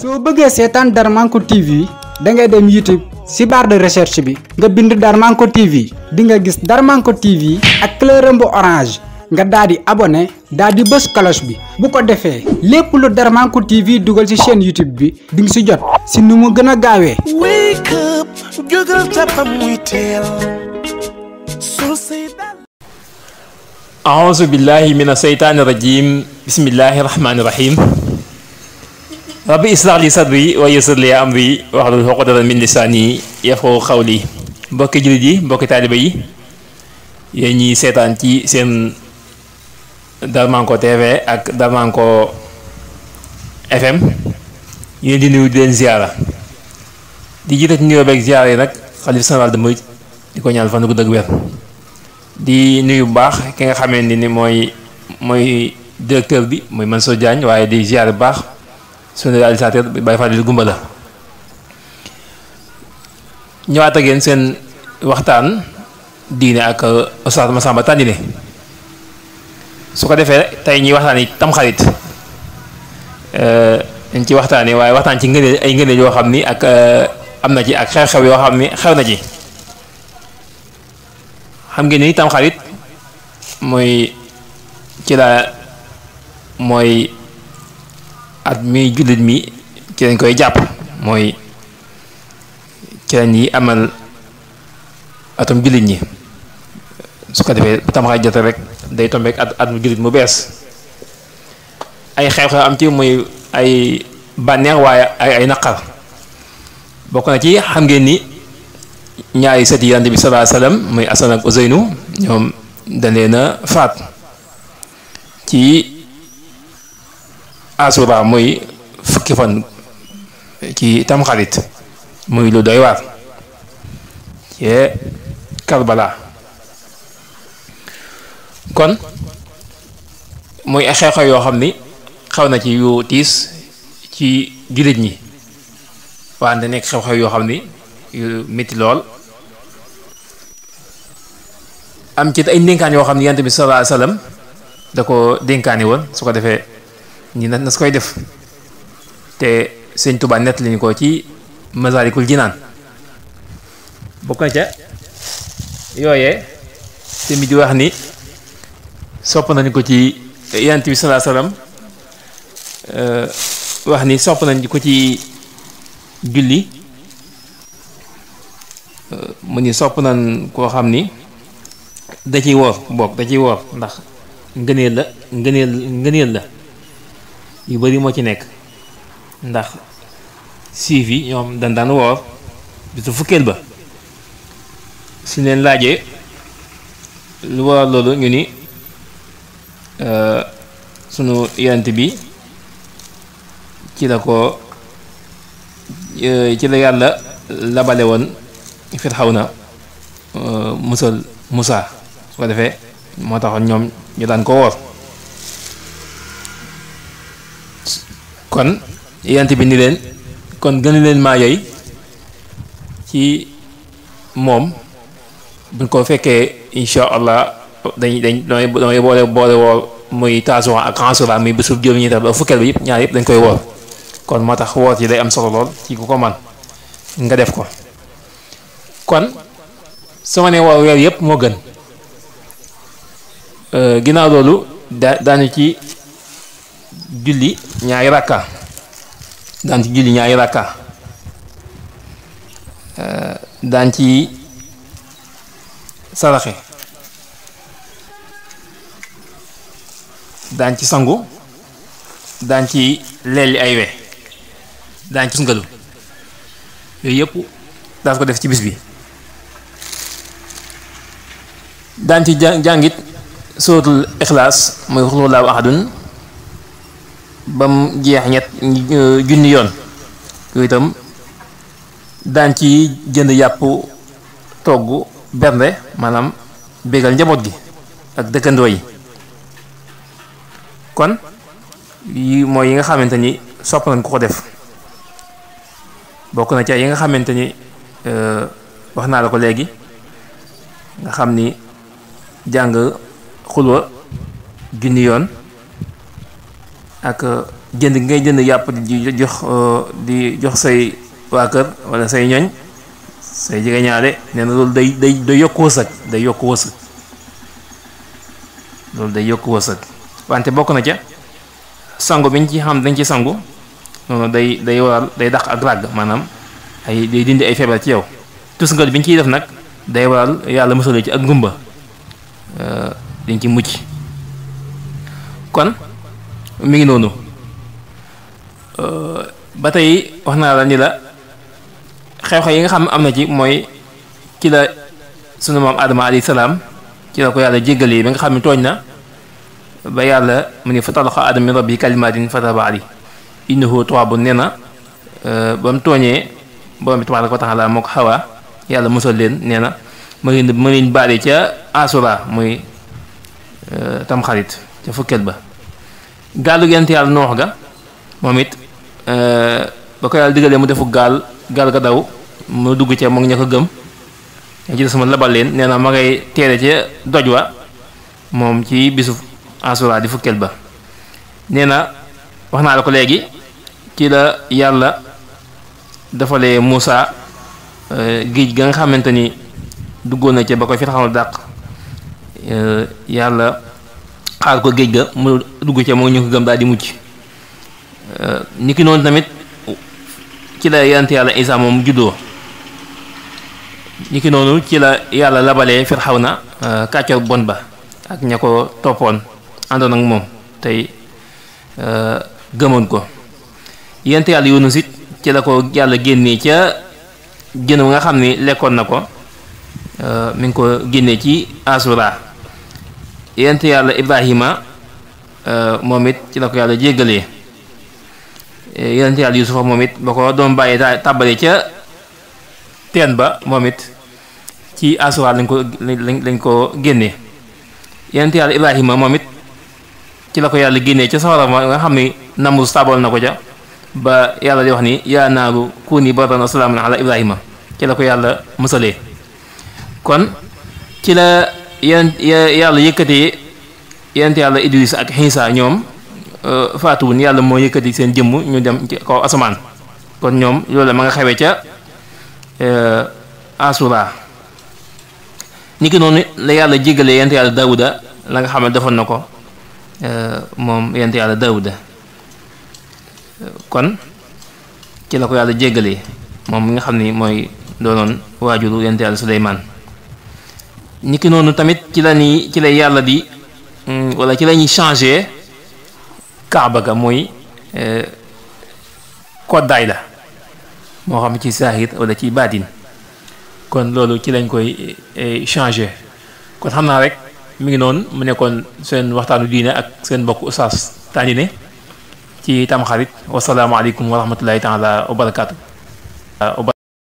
So bëggee seetaan Darmanko TV da ngay dem YouTube ci barre de recherche bi nga bind Darmanko TV di nga gis Darmanko TV ak fleuram bu orange nga daal di abonné daal di cloche bi bu ko defee lépp lu Darmanko TV dugal ci chaîne YouTube bi di nga ci jot ci nu mu gën a gaawee. a'uuzu billahi mina seytaani rajiim. bismillaahi rahmaani rahiim rabbi israh li sadri wa yassir li amri wahlul uqdatan min lisaani yafqahu qawli mbokki jullit yi mbokki taaliba yi yéen ñiy seetaan ci seen Darmanko TV ak Darmanko FM ñu di nuyu di leen ziara di jiite ci nuyoo ziara yi nag xalif général de di ko ñaan fan gu dëgg wér di nuyu bu baax ki nga xamee ni mooy mooy directeur bi muy soo Diagne waaye di ziar bu baax suñu réalisateur bi Baye Fadil Gumba la ñëwaat ak yéen seen waxtaan diine ak Oustaz Massamba Tandine su ko defee tey ñuy waxtaan yi tamxarit dañ euh, ci waxtaanee waaye waxtaan ci ngëneel ay ngëneel yoo xam ni ak euh, am na ci ak xew yoo xam ni xew na ci xam mooy at mi jullit mi ci lañ koy jàpp mooy ci lañ yi amal atum jullit ñi su ko defee bu tamxarit jotee rek day tombeek at at mu jullit mu bees ay xew-xew am ci muy ay bànneex waaye ay ay naqar bokk na ci xam ngeen ni ñaari sët yi bi sallallahu alayhi wasallam muy ak Useynu ñoom da leen faat ci asura muy fukki fan ci tamxarit muy lu doy waar ci Karbala kon muy xew-xew yoo xam ni xaw na ci yu tiis ci jullit ñi wante nekk xew-xew yoo xam ni yu métti lool am ci ay ndénkaan yoo xam ni yonent bi sallallahu alayhi wasallam da ko dénkaani woon su ko defee ñi na nas koy def te sëñ Tuubaa nett lañu ko ci Masaalikul Jinaan bu ko ca yooyee te mi di wax ni sopp nañu ko ci yonent bi salaa salaam wax ni sopp nañ ko ci julli mu ni sopp nañ koo xam ni da ciy woor boog da ciy woor ndax ngëneel la ngëneel ngëneel la yu bari moo ci nekk ndax siif yi ñoom dañ daan woor bisu fukkeel ba si leen laajee lu waral loolu ñu ni euh, sunu yonent bi ci la ko euh, ci la yàlla labale woon Firxawna euh, musal Musaa su ko defee moo taxoon ñoom ñu daan ko woor kon yonent bi ni leen kon gën leen maa yey ci moom buñ ko fekkee incha allah dañ dañ damay damay boole boole woor muy taasuwa ak xansura muy bésub juróom ñi tax ba fukkeel bi yëpp ñaar yëpp dañ koy woor kon moo tax woor ci day am solo lool ci ku ko man nga def ko kon su ne woor weer yëpp moo gën euh, ginnaaw loolu da daanu ci julli ñaari rakka daan ci julli ñaari rakka euh, daan ci saraxe daan ci sangu daan ci lelli ay we daan ci sungalu yooyu yëpp daan ko def ci bis bi daan ci jàngit suratul ixlaas mooy xululaahu ahadun ba jeex ñett euh, junni yoon yooyu itam daan ci jënd yàpp togg bernde maanaam bégal njaboot gi ak dëkkandoo yi kon yi mooy yi nga xamante ni sopp nañ ko ko def bokk na ci yi nga xamante ni euh, wax naa la ko léegi nga xam ni jàng xulwa junni yoon ak euh, jënd ngay jënd yàpp di jox euh, di jox say waa kër walla say ñoñ say jegeñaale nee na loolu day day day yokk wërsëg day yokk wërsëg loolu day yokk wërsëg wante bokk na ca sangu biñ ci xam dañ ci sangu noonu day day waral day dàq ak ràgg maanaam ay day dindi ay feebar ci yow tusngal biñ ciy def nag day waral yàlla mësale ci ak ngumba euh, dañ ci mucc kon mi ngi noonu euh, ba tey wax naa la ni la xew-xew yi nga xam am na ci mooy ci la sunu moom Adama alayhi salaam ci la ko yàlla jéggalee ba nga xam ne tooñ na ba yàlla mu ne fa talaqa Adama min rabbi kalimatin fataba alayhi innahu tawwaabu nee na euh, ba mu tooñee borom bi tabaaraka xawaa yàlla musal leen nee na mu leen ma leen baale ca asura muy euh, tamxarit ca fukkeel ba. gaalu gent yàlla noox ga moom it euh, ba ko yàlla digalee mu defu gaal gaal ga daw mu dugg ca moom ña ko gëm ña ci des nee na ma ngay teere ca doj wa moom ci bisu asura di fukkeel ba nee na wax naa la ko léegi ci la yàlla defalee Muusa euh, géej ga nga xamante ni duggoon na ca ba ko fi taxaw dàq euh, yàlla xaar ko géej ga mu dugg ca moo ñu ko gëm daal di mucc euh, ni ki noonu tamit ci la yonent yàlla Isaa moom juddoo ni ki noonu ci la yàlla labalee na euh, kàccoor bon ba ak ña ko toppoon àndoon ak moom tey euh, gëmoon ko yonent yàlla Yunus it ci la ko yàlla génnee ca jën nga xam ni lekkoon na ko mi ngi ko génnee ci asura yent yàlla ibrahima euh, moom it ci la ko yàlla jéggalee euh, yent yàlla yusufa moom it ba ko doon bàyyee tàbbalee ca teen ba moom it ci aswaar lañ ko lañ ko génnee yent yàlla ibrahima moom it ci la ko yàlla génnee ca sawara nga xam ni namus tàbbal na ko ca ba yàlla di wax ni yaa naaru kuuni bardan wa salaaman ala ibrahima ci la ko yàlla mësalee kon ci la ya yàlla yëkkatee yéen yàlla Idris ak Xiisa ñoom euh, faatuwun yàlla moo yëkkati seen jëmm ñu dem ci kaw asamaan kon ñoom loolu ma nga xewee ca euh, asura ni ki noonu la yàlla jégalee yent yàlla Daawuda la nga xam ne defoon na ko euh, moom yent yàlla Daawuda kon ci la ko yàlla jégalee moom mu nga xam ni mooy doonoon waajuru yent yàlla Suleymaan niki noonu tamit ci la ñuy ci la yàlla di mm, wala ci lañuy ñuy changé kaaba ga mooy eh, koddaay la moo xam ci saahir wala ci baatin kon loolu ci lañ koy eh, changé kon xam naa rek mu ngi noonu mu nekkoon seen waxtaanu diine ak seen mbokk Oustaz Tandine ci tamxarit wasalaamaaleykum wa rahmatullahi taala wa barakaatu